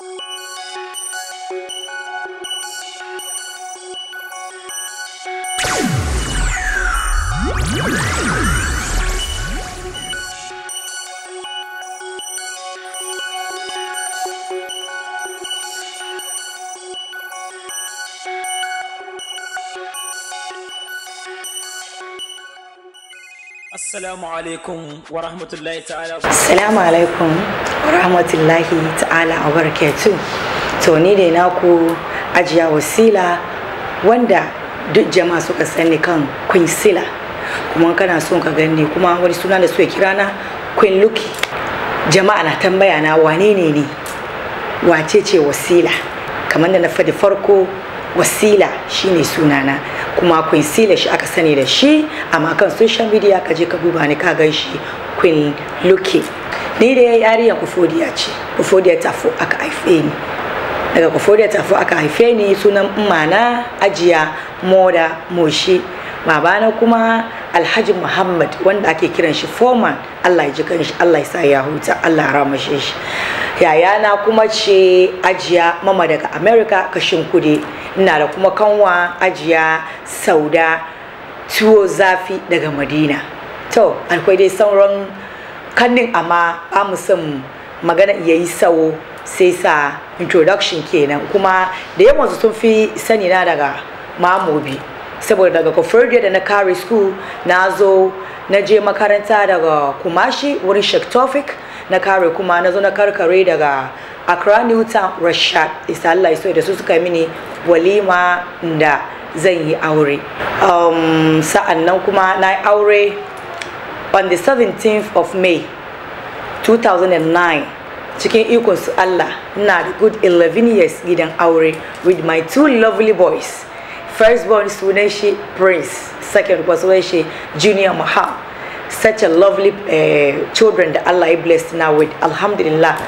you Assalamu alaikum wa rahmatullahi ta'ala. Assalamu alaikum wa rahmatullahi ta'ala To ni ne naku ajiya wasila wanda duk jama'a suka sani kan Queen Sila. Kuma kana son ka gani kuma wani suna da ya kira na Queen Luki. Jama'a na tambaya na wane ne ne? Wace ce wasila? Kamar da na faɗi farko wasila shine sunana kuma queen sila shi aka sani da shi amma kan social media ka je ka duba ni ka gan shi queen luke ni da yariya kufodiya ce kufodiya tafo aka haife ni daga kufodiya tafo aka haife ni sunan mana ajiya moda moshi babana kuma alhaji muhammad wanda ake kiran shi foreman allah ya ji kanshi allah ya sa ya huta allah ya ramashe shi yayana kuma ce ajiya mama daga america kashin kudi ina da kuma kanwa ajiya sauda tuwo zafi daga madina to akwai dai sauran kannin amma amusan magana ya yi sau sai sa introduction kenan kuma da yawan sun fi sani na daga mamobi saboda daga kofardiya da na kare school na zo na je makaranta daga kumashi wurin shektofik na kare kuma na zo na karkare daga accra newtown rashad isa allah iso da su suka mini walima da zan yi aure um, sa'an nan kuma na yi aure on the 17th of may 2009 cikin ikon su allah na da good 11 years gidan aure with my two lovely boys Firstborn is Wineshi Prince. Second was Wineshi Junior Maha. Such a lovely uh, children that Allah blessed now with. Alhamdulillah.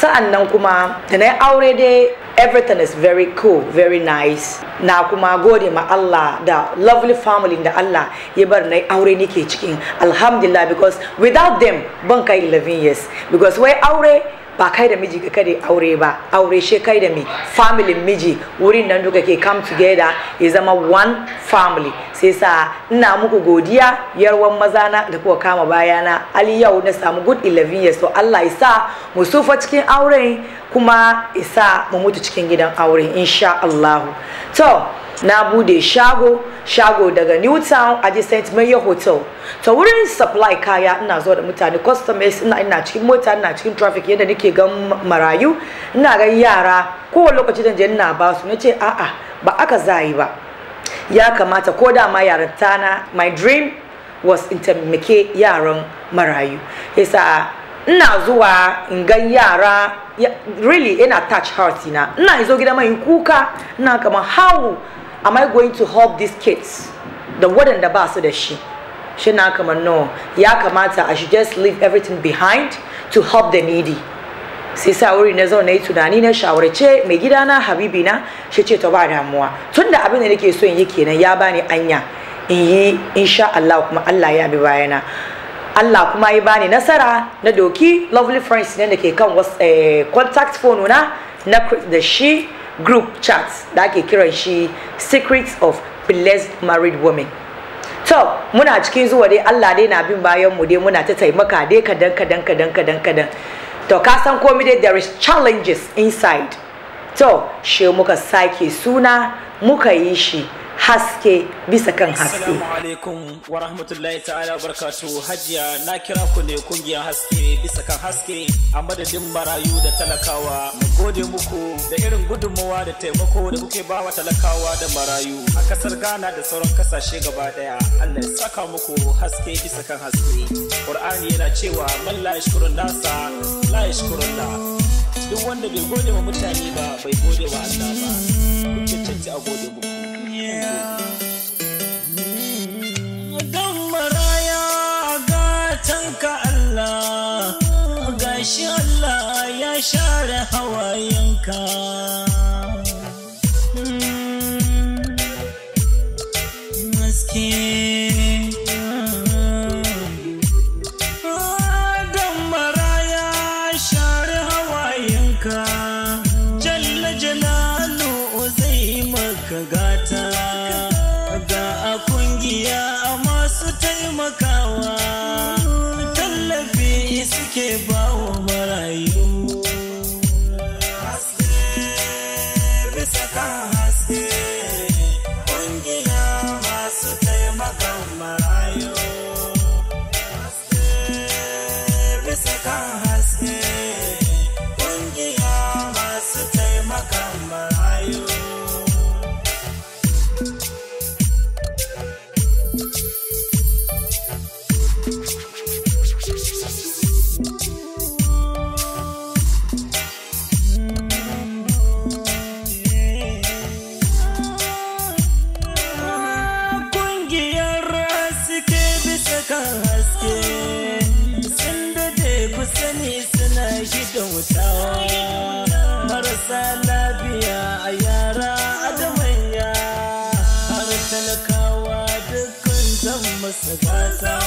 So and now kuma then I already everything is very cool, very nice. Now kuma gode ma Allah the lovely family in the Allah ya bar na aure Alhamdulillah because without them ban 11 years because we already. ba kai da miji ka kare aure ba aure she kai da mi family miji wurin nan duka ke come together ya zama one family sai sa ina muku godiya yarwan maza na da kuka kama bayana ali yau na samu good 11 years so Allah ya sa mu sufa cikin auren kuma isa mu mutu cikin gidan aure insha Allah to na bude shago shago daga newtown aji st mayor hotel ta wurin supply kaya ina zuwa da mutane customers ina ina cikin mota ina cikin traffic yadda nake gan marayu ina gan yara ko lokacin da je ba su ce a'a ba aka zayi ba ya kamata ko da ma yaran tana my dream was in taimake yaran marayu yasa ina zuwa in gan yara really ina touch heart na ina izo gida mai kuka ina kamar how am I going to help these kids da waɗanda ba su da shi shi na kamar no ya kamata I should just leave everything behind to help the needy sai sa wuri na zauna yi tunani na shawarce mai gidana habibi na shi ce ta ba damuwa tun da abin da nake so in yi kenan ya bani anya in yi insha Allah kuma Allah ya bi bayana Allah kuma ya bani nasara na doki lovely friends ne da ke kan eh, contact phone na na da shi group chat da ake kiran shi secrets of blessed married women to muna cikin zuwa dai Allah dai na bin bayan mu dai muna ta taimaka dai kadan kadan kadan kadan kadan to ka san komai dai there is challenges inside to she muka sake suna muka yi shi haske bisa kan haske. Assalamu alaikum wa rahmatullahi ta'ala wa barakatuhu hajiya na kira ku ne kungiyar haske bisa kan haske a madadin marayu da talakawa mu gode muku da irin gudunmawa da taimako da kuke ba wa talakawa da marayu a kasar Ghana da sauran kasashe gaba daya Allah ya saka muku haske bisa kan haske. Qur'ani yana cewa man la yashkurun nasa la yashkurun da duk wanda bai gode wa mutane ba bai gode wa Allah ba. Kun cancanci a gode muku. Don maraya gatanka Allah, gashi Allah ya share hawayenka. Hmm. Maske.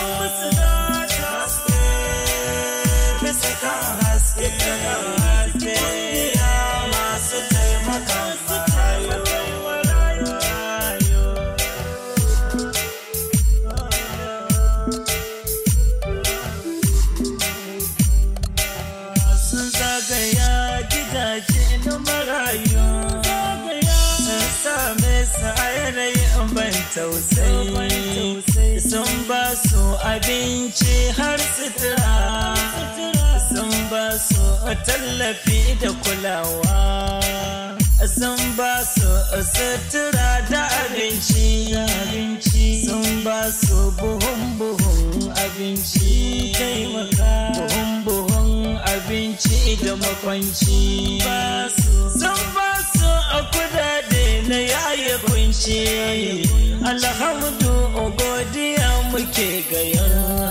Christmas. ba su abinci har sutura sun ba su tallafi da kulawa sun ba su sutura da abinci sun ba su buhun-buhun abinci taimaka buhun-buhun abinci da makwanci sun ba su a kudade na yaye kunci alhamdu godiya के गया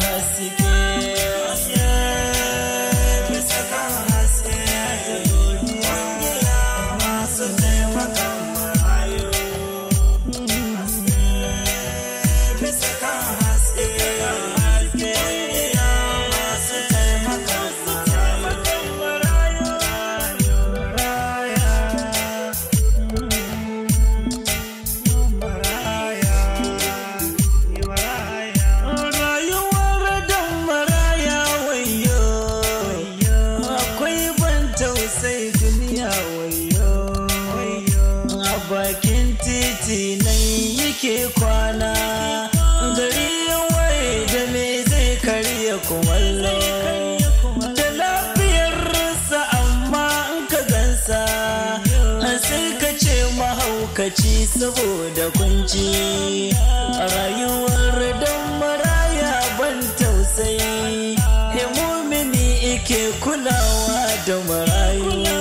lokaci saboda kunci a rayuwar don maraya ban tausayi himomini ike kulawa da marayu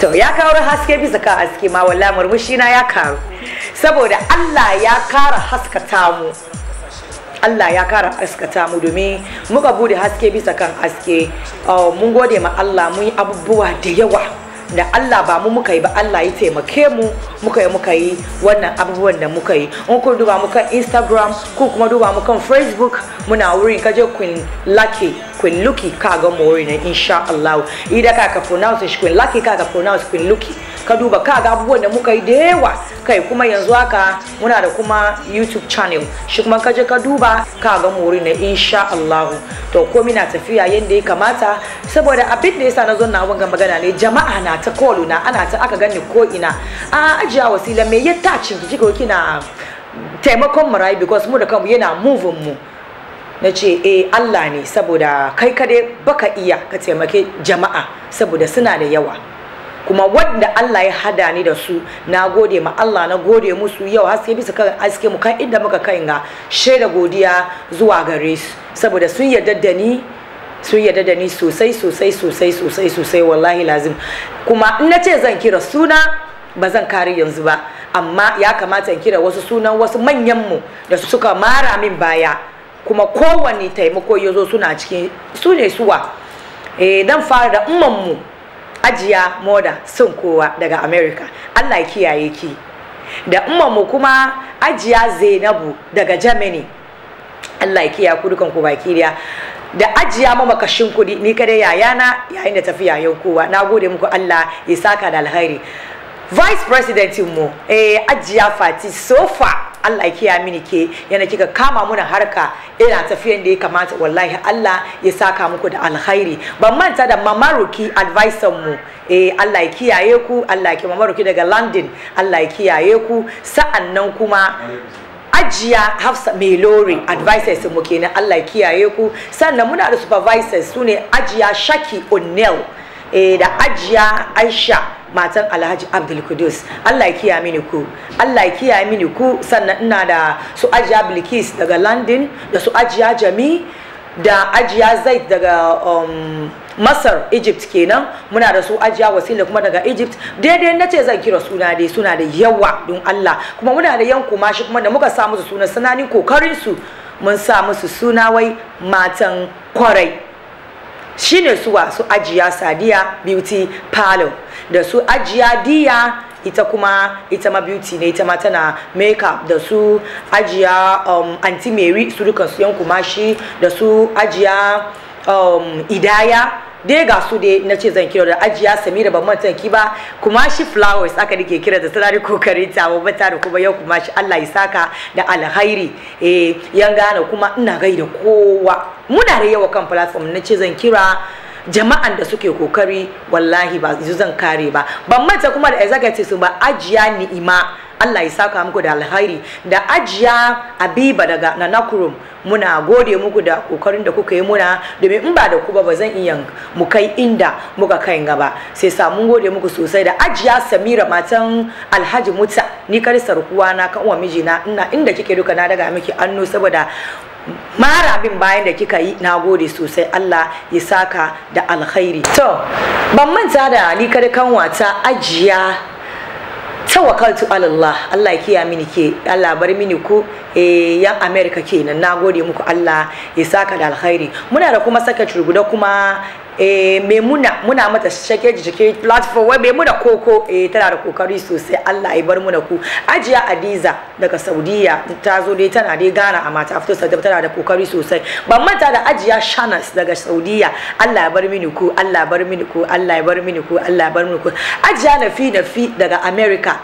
to ya kawo haske bisa kan haske ma wallahi murmushi na ya karu saboda Allah ya kara haskata mu Allah ya kara haskata mu domin muka bude haske bisa kan haske oh, mun gode ma Allah mun yi abubuwa da yawa da Allah ba mu muka yi ba Allah ya taimake mu muka yi muka yi wannan abubuwan da muka yi in kun duba mu kan Instagram ko kuma duba mu kan Facebook muna wurin kaje Queen Lucky Queen Lucky ka ga mu wurin insha Allah idan ka ka pronounce Queen Lucky ka ka pronounce Queen Lucky ka duba ka ga abubuwan da muka yi da yawa kai kuma yanzu haka muna da kuma youtube channel shi kuma ka je ka duba ka ga mori na insha Allah to ko na tafiya yanda ya kamata saboda abin da yasa na zo na wanga magana ne jama'a na ta kolo na ana ta aka gani ko ina a ajiya wasila me ya tacin ki ko kina taimakon murayi because mu da kanmu yana muvin mu na ce eh Allah ne saboda kai kade baka iya ka taimake jama'a saboda suna da yawa kuma wadda Allah ya hada ni da su na gode ma Allah na gode musu yau haske bisa kan haske mu kan inda muka kai ga shaida godiya zuwa gare su saboda sun yarda da ni sun yarda da ni sosai sosai sosai sosai sosai wallahi lazim kuma in na ce zan kira suna ba zan kare yanzu ba amma ya kamata in kira wasu sunan wasu manyan mu da suka mara min baya kuma kowane taimako ya zo suna cikin su suwa eh dan fara da umman mu Ajiya moda sun kowa daga Amerika. allah kiyaye ki da mu kuma ajiya zainabu daga germany allah ya ku dukan ku baki daya da ajiya makashin kudi ni kada yayana yayin da tafiya yau kowa na gode muku allah ya saka da alheri vice president mu eh ajiya fati sofa Allah ya kiya mini ke yana kika kama muna harka ina tafiyan da ya kamata wallahi Allah ya saka muku da alkhairi ban manta da mamaruki advisor mu eh Allah ya kiyaye ku Allah ya kiyaye mamaruki daga London Allah ya kiyaye ku sa'annan kuma ajiya hafsa mai lori advisors mu kenan Allah ya kiyaye ku sannan muna da supervisors sune ajiya shaki O'Neil, eh da ajiya aisha matan alhaji abdul kudus allah kiya mini ku allah kiya mini ku sannan ina da su ajiya bilkis daga Landin da su ajiya jami da ajiya zaid daga um, masar egypt kenan muna da su ajiya wasila kuma daga egypt daidai na ce zan kira suna dai suna da yawa don allah kuma muna da yan kumashi kuma da muka sa musu suna sananin kokarin su mun sa musu suna wai matan kwarai shine su su ajiya sadiya beauty parlor da su ajiya diya ita kuma ita ma beauty ne ita ma tana makeup da su ajiya um, anti mary su dukansu yan kumashi da su ajiya um, idaya dai ga su dai na ce zan kira da ajiya samira ban manta ki ba kuma shi flowers aka nake kira da sarari kokari ta babba ta da kuma yau kuma shi Allah ya saka da alhairi eh yan gane kuma ina gaida kowa muna da yawa kan platform na ce zan kira jama'an da suke kokari wallahi ba zan kare ba ban manta kuma da executive ba ajiya ni'ima Allah ya saka muku da alhairi da ajiya abiba daga nanakurum muna gode muku da kokarin da kuka yi muna domin in ba da ku ba ba zan iya mu kai inda muka kai gaba sai sa mun gode muku sosai da ajiya samira matan alhaji muta ni kar sarkuwa na kan uwa mijina ina inda kike duka na daga miki annu saboda mara bin bayan da kika yi na gode sosai Allah ya saka da alkhairi to ban manta da ni likar kanwa ta ajiya tawakkaltu alallah Allah ya kiya mini ke Allah bar mini ku eh yan America kenan nagode muku Allah ya saka da alkhairi muna da kuma saka guda kuma eh Maimuna muna mata shake jike platform wai Maimuna koko eh tana da kokari sosai Allah ya bar muna ku Ajiya Adiza daga Saudiya ta zo dai tana dai gana amma ta fito Saudiya tana da kokari sosai ban manta da Ajiya Shanas daga Saudiya Allah ya bar mini ku Allah ya bar mini ku Allah ya bar mini ku Allah ya bar mini ku Ajiya Nafi Nafi daga America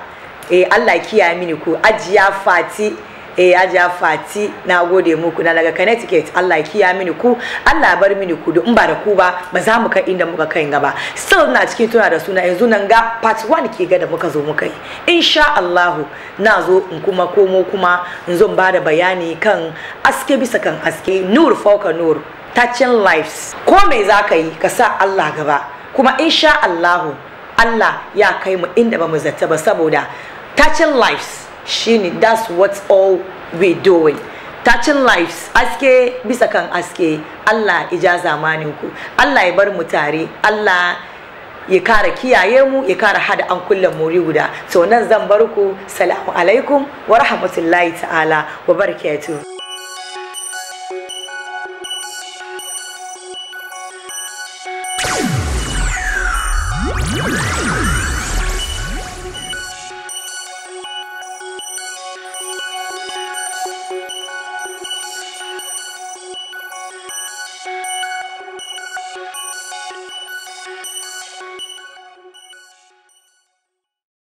eh Allah ya kiyaye mini ku Ajiya Fati eh ja fati na gode muku na daga connecticut allah kiya mini ku allah bar mini ku in ba da ku ba ba za mu kai inda muka kai gaba still na cikin tuna da suna yanzu nan ga part 1 ke ga da muka zo muka yi insha allahu na zo in kuma komo kuma in zo ba da bayani kan aske bisa kan aske nur fauka nur touching lives ko me za ka yi ka sa allah gaba kuma insha allahu allah ya kai mu inda ba mu zata ba saboda touching lives shine that's what all we doing touching lives aske bisa kan aske Allah ija zamanin ku Allah ya bar mu tare Allah ya kara kiyaye mu ya kara hada an kulle muri guda to nan zan bar ku salamu alaikum wa rahmatullahi ta'ala wa barakatuh